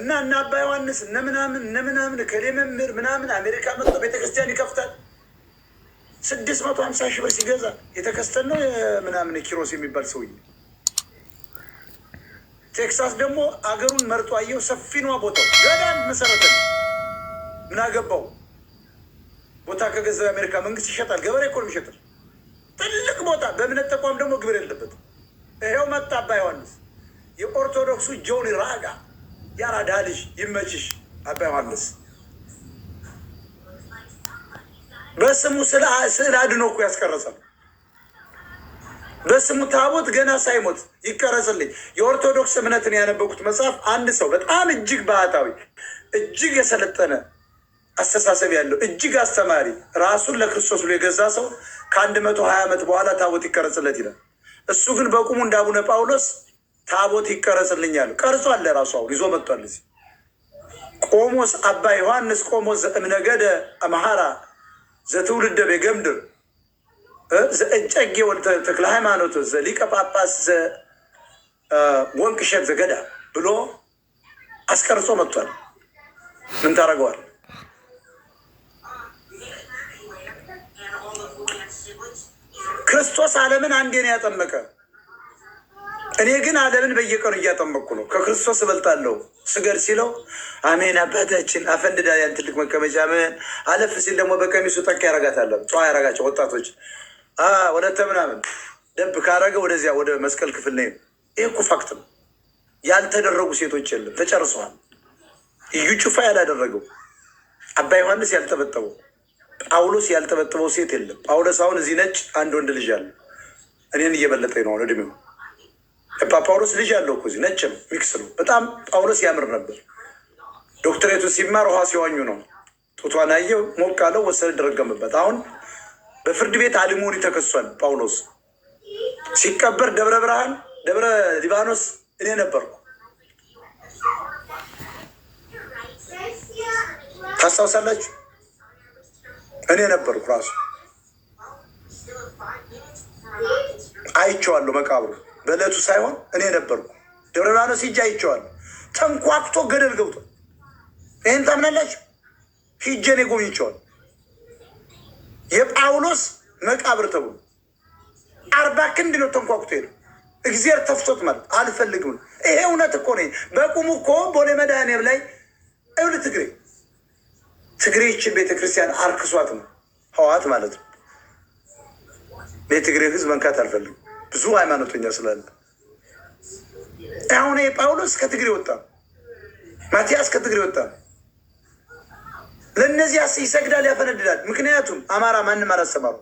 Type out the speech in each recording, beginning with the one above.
እና እና አባ ዮሐንስ እነ ምናምን እነ ምናምን ከሌ መምህር ምናምን አሜሪካ መጥቶ ቤተክርስቲያን ይከፍታል። ስድስት መቶ ሀምሳ ሺህ ብር ሲገዛ የተከስተን ነው ምናምን ኪሮስ የሚባል ሰውዬ ቴክሳስ ደግሞ አገሩን መርጦ አየው። ሰፊ ነዋ ቦታው፣ ገዳም መሰረተ ነው። ምን አገባው? ቦታ ከገዛ የአሜሪካ መንግስት ይሸጣል። ገበሬ እኮ ነው ይሸጣል። ትልቅ ቦታ በእምነት ተቋም ደግሞ ግብር የለበትም። ይኸው መጣ አባ ዮሐንስ የኦርቶዶክሱ ጆኒ ራጋ ያራዳ ልጅ ይመችሽ። አባ ዮሐንስ በስሙ ስዕል አድኖ እኮ ያስቀረጸል። በስሙ ታቦት ገና ሳይሞት ይቀረጽልኝ። የኦርቶዶክስ እምነትን ያነበኩት መጽሐፍ አንድ ሰው በጣም እጅግ ባህታዊ፣ እጅግ የሰለጠነ አስተሳሰብ ያለው እጅግ አስተማሪ ራሱን ለክርስቶስ ብሎ የገዛ ሰው ከአንድ መቶ ሀያ ዓመት በኋላ ታቦት ይቀረጽለት ይላል። እሱ ግን በቁሙ እንደ አቡነ ጳውሎስ ታቦት ይቀረጽልኝ አሉ። ቀርጿል። ለራሱ አሁን ይዞ መጥቷል። እዚህ ቆሞስ አባ ዮሐንስ ቆሞስ ዘእምነገደ አምሃራ ዘትውልደ ቤገምድር ዘእጨጌ ወልተ ተክለ ሃይማኖት ዘሊቀ ጳጳስ ዘወንቅሸት ዘገዳ ብሎ አስቀርጾ መጥቷል። ምን ታደርገዋል? ክርስቶስ ዓለምን አንዴ ነው ያጠመቀ። እኔ ግን ዓለምን በየቀኑ እያጠመኩ ነው። ከክርስቶስ እበልጣለሁ ስገድ ሲለው አሜን አባታችን አፈንድዳ ያን ትልቅ መቀመጫ ምን አለፍ ሲል ደግሞ በቀሚሱ ጠቅ ያረጋታለን ጨዋ ያረጋቸው ወጣቶች ወደ ተምናምን ደብ ካረገ ወደዚያ ወደ መስቀል ክፍል ነ ይህ እኮ ፋክት ነው። ያልተደረጉ ሴቶች የለም ተጨርሰዋል። እዩ ጩፋ ያላደረገው አባ ዮሐንስ ያልጠበጠበው ጳውሎስ ያልጠበጠበው ሴት የለም። ጳውሎስ አሁን እዚህ ነጭ አንድ ወንድ ልጅ አለ። እኔን እየበለጠ ነው እድሜው ጳውሎስ ልጅ ያለው እኮ እዚህ ነጭም ሚክስ ነው። በጣም ጳውሎስ ያምር ነበር። ዶክትሬቱ ሲማር ውሃ ሲዋኙ ነው። ጡቷን አየው፣ ሞቅ አለው፣ ወሰደ፣ ደረገምበት። አሁን በፍርድ ቤት አሊሞኒ ተከሷል። ጳውሎስ ሲቀበር ደብረ ብርሃን ደብረ ሊባኖስ እኔ ነበርኩ። ታስታውሳላችሁ? እኔ ነበርኩ። ራሱ አይቼዋለሁ መቃብሩ በእለቱ ሳይሆን እኔ ነበርኩ። ደብረ ሊባኖስ ሂጄ አይቼዋለሁ። ተንኳክቶ ገደል ገብቷል። ይህን ታምናላችሁ? ሂጄ እኔ ጎብኝቼዋለሁ። የጳውሎስ መቃብር ተብሎ አርባ ክንድ ነው ተንኳክቶ ሄደ። እግዚአብሔር ተፍቶት ማለት አልፈልግም። ይሄ እውነት እኮ ነው። በቁሙ እኮ ቦሌ መድኃኔዓለም ላይ እብል ትግሬ ትግሬችን ቤተክርስቲያን አርክሷት ነው ህዋት ማለት ነው። የትግሬ ህዝብ መንካት አልፈልግም። ብዙ ሃይማኖተኛ ስላለ አሁን ጳውሎስ ከትግሬ ወጣ፣ ማቲያስ ከትግሬ ወጣ። ለእነዚያ ይሰግዳል፣ ያፈነድዳል። ምክንያቱም አማራ ማንም አላሰማሩ።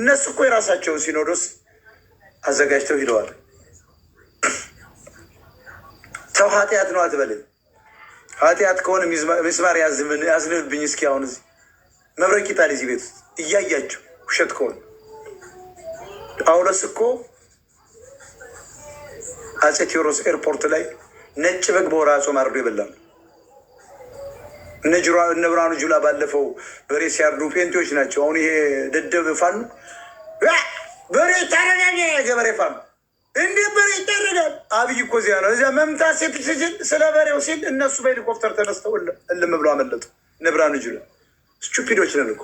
እነሱ እኮ የራሳቸውን ሲኖዶስ አዘጋጅተው ሂደዋል። ሰው ኃጢአት ነው አትበለኝ። ኃጢአት ከሆነ ሚስማር ያዝንብብኝ እስኪ። አሁን እዚህ መብረቅ ይጣል እዚህ ቤት ውስጥ እያያቸው ውሸት ከሆነ ጳውሎስ እኮ አጼ ቴዎድሮስ ኤርፖርት ላይ ነጭ በግ በወራ ጾም አርዶ ይበላል። እነ ብርሃኑ ጁላ ባለፈው በሬ ሲያርዱ ጴንጤዎች ናቸው። አሁን ይሄ ደደብ ፋኑ በሬ ይታረዳል፣ ገበሬ ፋኑ እንዴ በሬ ይታረዳል። አብይ እኮ እዚያ ነው። እዚያ መምታት ሴት ሲል ስለ በሬው ሲል እነሱ በሄሊኮፕተር ተነስተው እልም ብሎ አመለጡ። እነ ብርሃኑ ጁላ ስቹፒዶች ነን እኮ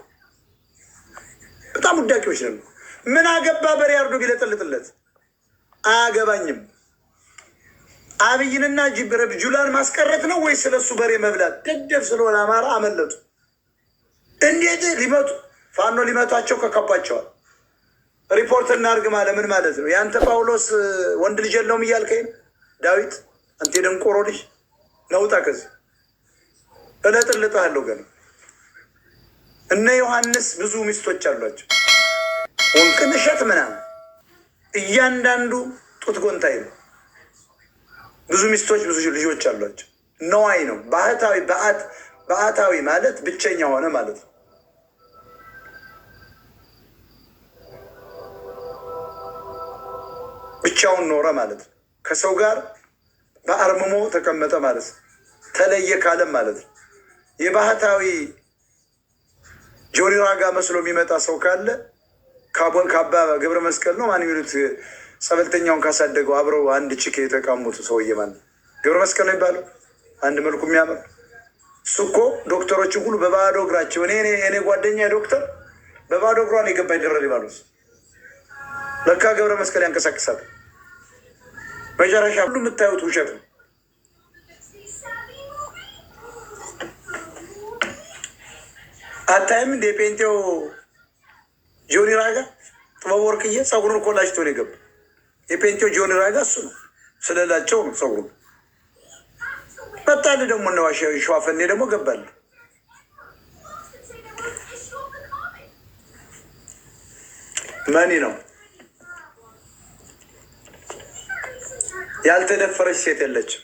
በጣም ውዳቂዎች ነን እኮ ምን አገባ በሬ አርዶ ቢለጠልጥለት አያገባኝም። አብይንና ጅብረብ ጁላን ማስቀረት ነው ወይስ ስለሱ በሬ መብላት? ደደብ ስለሆነ አማራ አመለጡ። እንዴት ሊመጡ ፋኖ ሊመቷቸው ከከባቸዋል። ሪፖርት እናርግ ማለ ምን ማለት ነው? የአንተ ጳውሎስ ወንድ ልጅ የለውም እያልከኝ ዳዊት፣ አንቴ ደንቆሮ ልጅ ነውጣ ከዚህ እለጥልጥሃለሁ። ገና እነ ዮሐንስ ብዙ ሚስቶች አሏቸው። ወንቅን እሸት ምናምን እያንዳንዱ ጡት ጎንታይ ነው። ብዙ ሚስቶች ብዙ ልጆች አሏቸው። ነዋይ ነው። ባህታዊ በአታዊ ማለት ብቸኛ ሆነ ማለት ነው። ብቻውን ኖረ ማለት ነው። ከሰው ጋር በአርምሞ ተቀመጠ ማለት ነው። ተለየ ካለም ማለት ነው። የባህታዊ ጆሪራጋ መስሎ የሚመጣ ሰው ካለ ካቦን ገብረ መስቀል ነው ማን የሚሉት ሰበልተኛውን ካሳደገው አብረው አንድ ችክ የተቃሙት ሰውዬ ማለት ገብረ መስቀል ነው የሚባለው። አንድ መልኩ የሚያምር እሱ እኮ ዶክተሮችን ሁሉ በባዶ እግራቸው እኔ እኔ ጓደኛ ዶክተር በባዶ እግሯ ነው የገባ ይደረል ይባሉ። ለካ ገብረ መስቀል ያንቀሳቅሳል። መጨረሻ ሁሉ የምታዩት ውሸት ነው። አታይም እንደ ጴንጤው ጆኒ ራጋ ጥበብ ወርቅዬ ፀጉሩን ኮላጅቶ ነው የገባ። የፔንቲዮ ጆኒ ራጋ እሱ ነው ስለላቸው ነው ፀጉሩን መጣል ደግሞ እነ ሸዋፈኔ ደግሞ ገባል። መኒ ነው ያልተደፈረች ሴት የለችም።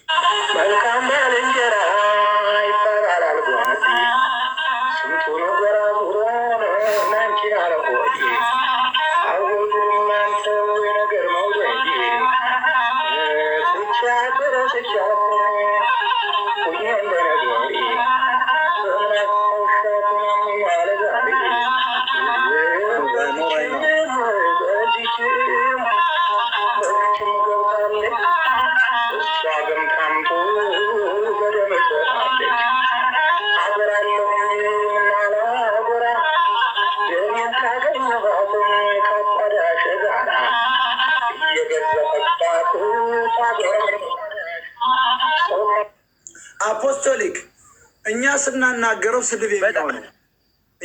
ስናናገረው ስድብ የሚሆነው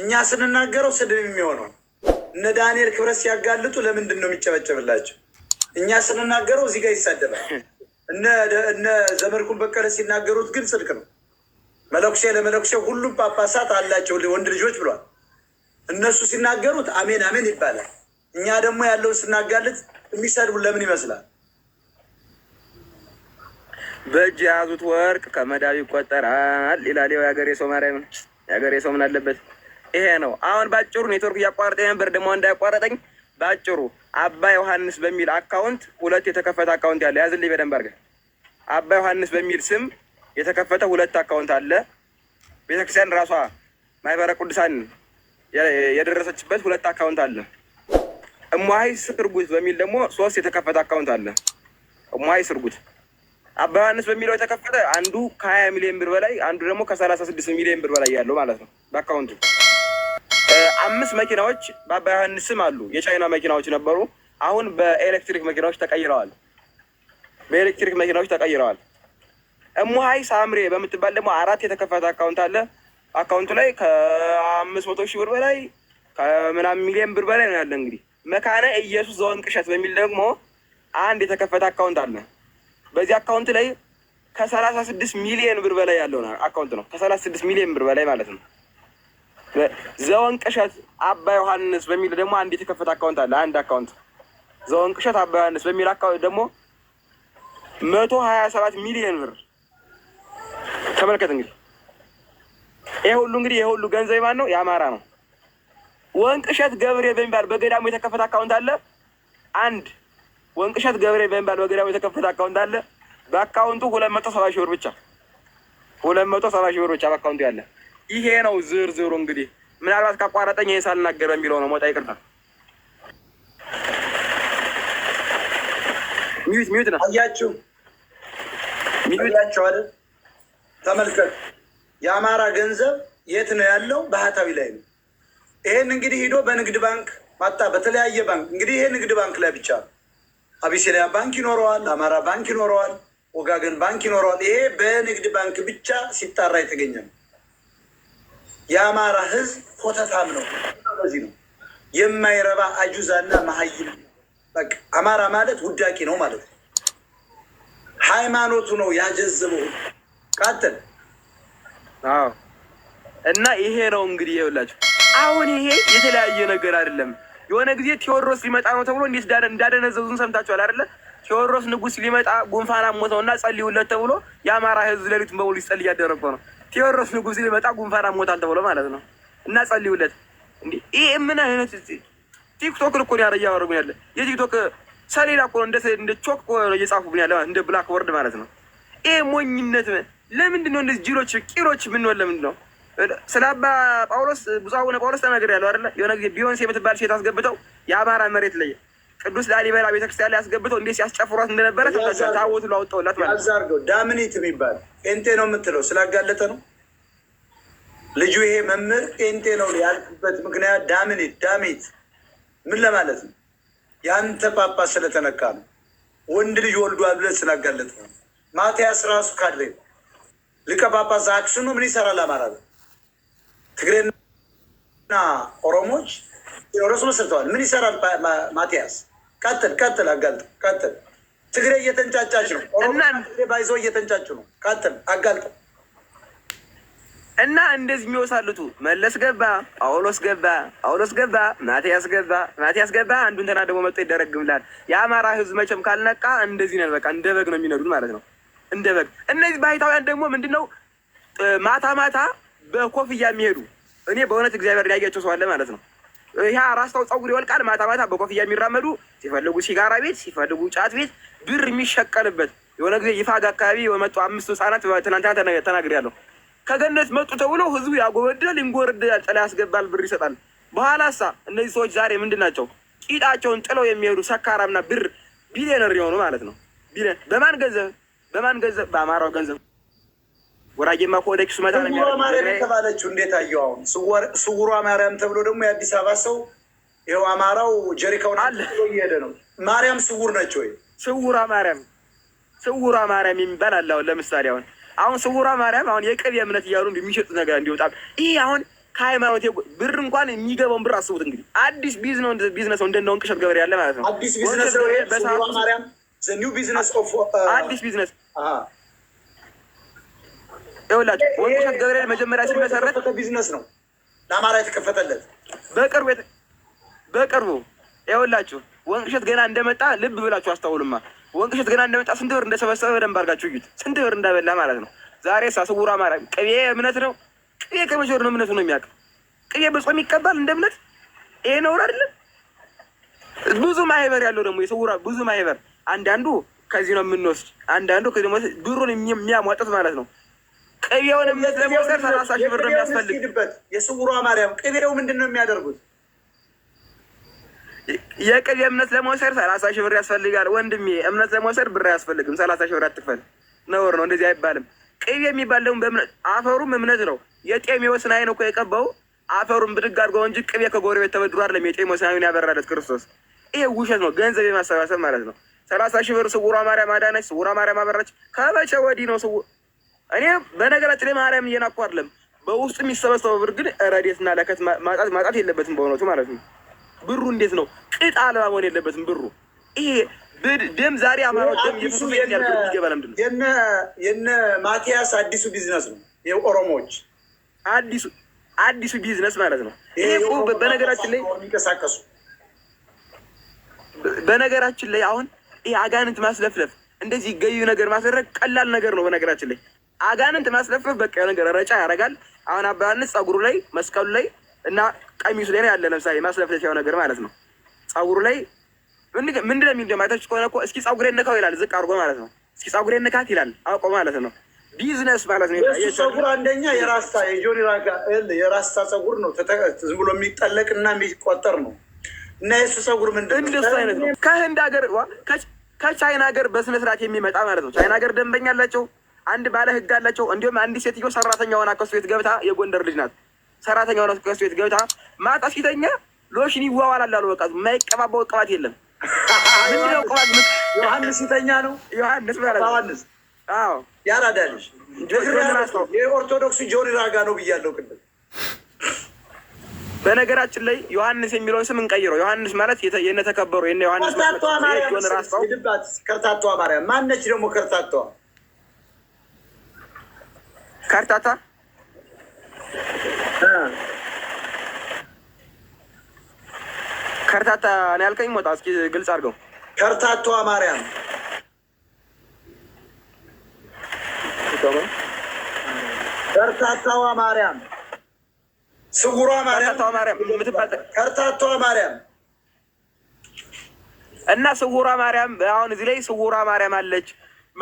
እኛ ስንናገረው ስድብ የሚሆነው እነ ዳንኤል ክብረት ሲያጋልጡ ለምንድን ነው የሚጨበጨብላቸው? እኛ ስንናገረው እዚህ ጋር ይሳደባል። እነ ዘመድኩን በቀለ ሲናገሩት ግን ጽድቅ ነው። መለኩሴ ለመለኩሴ ሁሉም ጳጳሳት አላቸው ወንድ ልጆች ብሏል። እነሱ ሲናገሩት አሜን አሜን ይባላል። እኛ ደግሞ ያለውን ስናጋልጥ የሚሰድቡ ለምን ይመስላል? በእጅ የያዙት ወርቅ ከመዳብ ይቆጠራል ይላል። ያው የሀገሬ ሰው ማርያም፣ የሀገሬ ሰው ምን አለበት? ይሄ ነው አሁን ባጭሩ። ኔትወርክ እያቋረጠ ነበር፣ ደግሞ እንዳያቋረጠኝ ባጭሩ አባ ዮሐንስ በሚል አካውንት ሁለት የተከፈተ አካውንት ያለ ያዝልኝ በደንብ አድርገህ። አባ ዮሐንስ በሚል ስም የተከፈተ ሁለት አካውንት አለ። ቤተክርስቲያን ራሷ ማህበረ ቅዱሳን የደረሰችበት ሁለት አካውንት አለ። እሟይ ስርጉት በሚል ደግሞ ሶስት የተከፈተ አካውንት አለ። እሟይ ስርጉት አባ ዮሐንስ በሚለው የተከፈተ አንዱ ከሀያ ሚሊዮን ብር በላይ አንዱ ደግሞ ከሰላሳ ስድስት ሚሊዮን ብር በላይ ያለው ማለት ነው በአካውንቱ አምስት መኪናዎች በአባ ዮሐንስ ስም አሉ። የቻይና መኪናዎች ነበሩ። አሁን በኤሌክትሪክ መኪናዎች ተቀይረዋል። በኤሌክትሪክ መኪናዎች ተቀይረዋል። እሙሀይ ሳምሬ በምትባል ደግሞ አራት የተከፈተ አካውንት አለ። አካውንቱ ላይ ከአምስት መቶ ሺህ ብር በላይ ከምናምን ሚሊዮን ብር በላይ ነው ያለ። እንግዲህ መካነ ኢየሱስ ዘወንቅ እሸት በሚል ደግሞ አንድ የተከፈተ አካውንት አለ። በዚህ አካውንት ላይ ከሰላሳ ስድስት ሚሊዮን ብር በላይ ያለው አካውንት ነው። ከሰላሳ ስድስት ሚሊዮን ብር በላይ ማለት ነው። ዘወንቅ እሸት አባ ዮሐንስ በሚል ደግሞ አንድ የተከፈተ አካውንት አለ። አንድ አካውንት ዘወንቅሸት እሸት አባ ዮሐንስ በሚል አካውንት ደግሞ መቶ ሀያ ሰባት ሚሊዮን ብር ተመልከት። እንግዲህ ይህ ሁሉ እንግዲህ ይህ ሁሉ ገንዘብ ማን ነው? የአማራ ነው። ወንቅሸት እሸት ገብሬ በሚባል በገዳሙ የተከፈተ አካውንት አለ አንድ ወንቅሸት ገብሬ በሚባል በገዳሙ የተከፈተ አካውንት አለ። በአካውንቱ ሁለት መቶ ሰባ ሺህ ብር ብቻ ሁለት መቶ ሰባ ሺህ ብር ብቻ በአካውንቱ ያለ። ይሄ ነው ዝርዝሩ። እንግዲህ ምናልባት ካቋረጠኝ ይሄ ሳልናገር በሚለው ነው። ሞጣ ይቅርታ። ሚዩት ሚዩት ነው። አያችሁ ሚዩታቸው አይደል? ተመልከት። የአማራ ገንዘብ የት ነው ያለው? ባህታዊ ላይ ነው። ይሄን እንግዲህ ሂዶ በንግድ ባንክ ማጣ፣ በተለያየ ባንክ እንግዲህ ይሄ ንግድ ባንክ ላይ ብቻ ነው አቢሲኒያ ባንክ ይኖረዋል፣ አማራ ባንክ ይኖረዋል፣ ወጋገን ባንክ ይኖረዋል። ይሄ በንግድ ባንክ ብቻ ሲጣራ የተገኘ ነው። የአማራ ህዝብ ኮተታም ነው። ለዚህ ነው የማይረባ አጁዛና መሀይም። በቃ አማራ ማለት ውዳቂ ነው ማለት ነው። ሃይማኖቱ ነው ያጀዘበው ቃተል እና ይሄ ነው እንግዲህ ይኸውላችሁ አሁን ይሄ የተለያየ ነገር አይደለም። የሆነ ጊዜ ቴዎድሮስ ሊመጣ ነው ተብሎ እንዴት እንዳደነዘዙን ሰምታችኋል አይደለ? ቴዎድሮስ ንጉስ ሊመጣ ጉንፋን አሞተው እና ጸልዩለት ተብሎ የአማራ ህዝብ ሌሊቱን በሙሉ ይጸል ያደረበ ነው። ቴዎድሮስ ንጉስ ሊመጣ ጉንፋን አሞታል ተብሎ ማለት ነው እና ጸልዩለት። ይህ ምን አይነት ቲክቶክ እኮ እያወረጉ ያለ የቲክቶክ ሰሌዳ እኮ እንደ ቾክ እየጻፉ ያለ እንደ ብላክ ወርድ ማለት ነው። ይህ ሞኝነት ለምንድን ነው? እንደዚህ ጅሎች ቂሮች የምንሆን ለምንድን ነው? ስለ አባ ጳውሎስ ብፁዕ አቡነ ጳውሎስ ተናግሬያለሁ አይደለ? የሆነ ጊዜ ቢዮንስ የምትባል ሴት አስገብተው የአማራ መሬት ላይ ቅዱስ ላሊበላ ቤተክርስቲያን ላይ አስገብተው እንዴት ሲያስጨፍሯት እንደነበረ ሰምታችኋል። ብሎ አወጣውላት ማለት ነው። ዳምኒት የሚባል ጴንጤ ነው የምትለው ስላጋለጠ ነው ልጁ። ይሄ መምህር ጴንጤ ነው ያልኩበት ምክንያት ዳምኒት ዳሚት ምን ለማለት ነው? የአንተ ጳጳስ ስለተነካ ነው። ወንድ ልጅ ወልዷል ብለን ስላጋለጠ ነው። ማቲያስ ራሱ ካድሬ ሊቀ ጳጳስ አክሱም ምን ይሰራል አማራ ነው ትግሬና ኦሮሞች ቴዎድሮስ መስርተዋል። ምን ይሰራል? ማቲያስ ቀጥል፣ ቀጥል፣ አጋልጥ፣ ቀጥል። ትግሬ እየተንጫጫች ነው። ትግሬ ባይዞ እየተንጫጩ ነው። ቀጥል፣ አጋልጥ እና እንደዚህ የሚወሳልቱ መለስ ገባ፣ ጳውሎስ ገባ፣ ጳውሎስ ገባ፣ ማቲያስ ገባ፣ ማቲያስ ገባ። አንዱን ተና ደግሞ መጥቶ ይደረግምላል። የአማራ ህዝብ መቼም ካልነቃ እንደዚህ ነን። በቃ እንደ በግ ነው የሚነዱን ማለት ነው፣ እንደ በግ። እነዚህ ባይታውያን ደግሞ ምንድን ነው ማታ ማታ በኮፍያ የሚሄዱ እኔ በእውነት እግዚአብሔር ያያቸው ሰው አለ ማለት ነው። ያ ራስታው ፀጉር ይወልቃል። ማታ ማታ በኮፍያ የሚራመዱ ሲፈልጉ ሲጋራ ቤት ሲፈልጉ ጫት ቤት ብር የሚሸቀልበት የሆነ ጊዜ ይፋግ አካባቢ የመጡ አምስቱ ህፃናት ትናንትና ተናግሬያለሁ። ከገነት መጡ ተብሎ ህዝቡ ያጎበዳል፣ ይንጎርዳል፣ ጥላ ያስገባል፣ ብር ይሰጣል። በኋላ ሳ እነዚህ ሰዎች ዛሬ ምንድን ናቸው? ቂጣቸውን ጥለው የሚሄዱ ሰካራምና ብር ቢሊዮነር የሆኑ ማለት ነው። በማን ገንዘብ? በማን ገንዘብ? በአማራው ገንዘብ ወራጌማ እኮ ወደ ኪሱ መጣ ነው ማርያም የተባለችው። እንዴት አየሁ አሁን ስውሯ ማርያም ተብሎ ደግሞ የአዲስ አበባ ሰው ይኸው አማራው ጀሪካውን አለ እየሄደ ነው። ማርያም ስውር ነች ወይ? ስውሯ ማርያም ስውሯ ማርያም የሚባል አለ። አሁን ለምሳሌ አሁን አሁን ስውሯ ማርያም አሁን የቅቤ እምነት እያሉ የሚሸጡት ነገር እንዲወጣ ይህ አሁን ከሃይማኖት ብር እንኳን የሚገባውን ብር አስቡት። እንግዲህ አዲስ ቢዝነስ ቢዝነስ ነው እንደነውን ቅሸት ገበሬ ያለ ማለት ነው። አዲስ ቢዝነስ ነው። ይሄ ማርያም ዘ ኒው ቢዝነስ ኦፍ አዲስ ቢዝነስ ይኸውላችሁ ወርቅ እሸት ገብርኤል መጀመሪያ ሲመሰረት ቢዝነስ ነው ለአማራ የተከፈተለት። በቅርቡ በቅርቡ ይኸውላችሁ ወርቅ እሸት ገና እንደመጣ ልብ ብላችሁ አስተውሉማ ወርቅ እሸት ገና እንደመጣ ስንት ብር እንደሰበሰበ በደንብ አድርጋችሁ እዩት። ስንት ብር እንዳበላ ማለት ነው። ዛሬ ሳስውራ አማራ ቅቤ እምነት ነው። ቅቤ ከመቼ ነው እምነቱ ነው የሚያውቅ ቅቤ በጾም ይቀባል እንደ እምነት ይሄ ነውር አይደለም። ብዙ ማህበር ያለው ደግሞ የስውራ ብዙ ማህበር አንዳንዱ ከዚህ ነው የምንወስድ አንዳንዱ ከዚህ ብሩን የሚያሟጠት ማለት ነው። ቅቤውን ለመውሰድ ሰላሳ ሺህ ብር ነው የሚያስፈልግበት። የስውሯ ማርያም ቅቤው ምንድን ነው የሚያደርጉት? የቅቤ እምነት ለመውሰድ ሰላሳ ሺህ ብር ያስፈልጋል ወንድሜ። እምነት ለመውሰድ ብር አያስፈልግም። ሰላሳ ሺህ ብር አትክፈል፣ ነውር ነው። እንደዚህ አይባልም። ቅቤ የሚባል ደግሞ በእምነት አፈሩም እምነት ነው። የጤሜዎስ ናይን እኮ የቀባው አፈሩም ብድግ አድርጎ እንጂ ቅቤ ከጎረቤት ተበድሮ አይደለም። የጤሜዎስ ናይን ያበራለት ክርስቶስ። ይሄ ውሸት ነው፣ ገንዘብ የማሰባሰብ ማለት ነው። ሰላሳ ሺህ ብር ስውሯ ማርያም አዳነች፣ ስውሯ ማርያም አበራች። ከመቼ ወዲህ ነው እኔ በነገራችን ላይ ማርያም እየናኩ አይደለም። በውስጥ የሚሰበሰበው ብር ግን ረዴትና ለከት ማጣት ማጣት የለበትም በሆነቱ ማለት ነው። ብሩ እንዴት ነው ቅጥ አለባ መሆን የለበትም ብሩ ይሄ ደም ዛሬ አማራዎች ደም የነ የነ ማቲያስ አዲሱ ቢዝነስ ነው። የኦሮሞዎች አዲሱ አዲሱ ቢዝነስ ማለት ነው። ይሄ በነገራችን ላይ የሚንቀሳቀሱ በነገራችን ላይ አሁን ይሄ አጋንንት ማስለፍለፍ እንደዚህ ገዩ ነገር ማስደረግ ቀላል ነገር ነው በነገራችን ላይ አጋንንት ማስለፈፍ በቃ የሆነ ነገር ረጫ ያደርጋል። አሁን አባ ዮሐንስ ጸጉሩ ላይ መስቀሉ ላይ እና ቀሚሱ ላይ ያለ ለምሳሌ ማስለፍለፊያው ነገር ማለት ነው። ጸጉሩ ላይ ምንድን ነው የሚል አይታችሁ ከሆነ እኮ እስኪ ጸጉሬን ንካው ይላል፣ ዝቅ አድርጎ ማለት ነው። እስኪ ጸጉሬን ንካት ይላል፣ አውቆ ማለት ነው። ቢዝነስ ማለት ነው። ጸጉር አንደኛ የራሳ የጆኒ ራጋኤል የራሳ ጸጉር ነው፣ ዝም ብሎ የሚጠለቅ እና የሚቆጠር ነው። እና የሱ ጸጉር ምንድን ነው? እንደሱ አይነት ነው። ከህንድ ሀገር ከቻይና ሀገር በስነስርዓት የሚመጣ ማለት ነው። ቻይና ሀገር ደንበኛ አላቸው። አንድ ባለ ህግ አላቸው። እንዲሁም አንዲት ሴትዮ ሰራተኛ ሆና ከሱ ቤት ገብታ የጎንደር ልጅ ናት። ሰራተኛ ሆና ከሱ ቤት ገብታ ማታ ሲተኛ ሎሽን ይዋዋላል አሉ። በቃ የማይቀባባው ቅባት የለም። ምንድነው ቅባት? ዮሐንስ ሲተኛ ነው። ዮሐንስ ማለት ዮሐንስ ያራዳልሽ የኦርቶዶክስ ጆሪ ራጋ ነው ብያለሁ ቅድም። በነገራችን ላይ ዮሐንስ የሚለውን ስም እንቀይረው። ዮሐንስ ማለት የነተከበሩ የነ ዮሐንስ ማለት ከርታቷ ማርያም ከርታቷ ማርያም ማነች ደግሞ ከርታቷ ከርታታ ከርታታ ነው ያልከኝ። ሞጣ እስኪ ግልጽ አድርገው። ከርታቷ ማርያም ከርታታዋ ማርያም ስጉሯ ማርያም ከርታቷ ማርያም እና ስውሯ ማርያም አሁን እዚህ ላይ ስውሯ ማርያም አለች።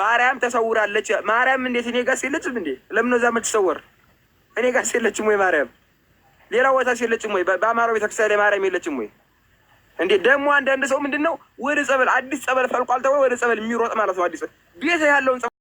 ማርያም ተሰውራለች። ማርያም እንዴት እኔ ጋር የለችም እንዴ? ለምን እዛ የምትሰወር? እኔ ጋር የለችም ወይ ማርያም? ሌላ ቦታ የለችም ወይ? በአማራው ቤተክርስቲያን ማርያም የለችም ወይ? እንዴ ደግሞ አንዳንድ ሰው ምንድን ነው ወደ ጸበል አዲስ ጸበል ፈልቋል ተብሎ ወደ ጸበል የሚሮጥ ማለት ነው። አዲስ ቤት ያለውን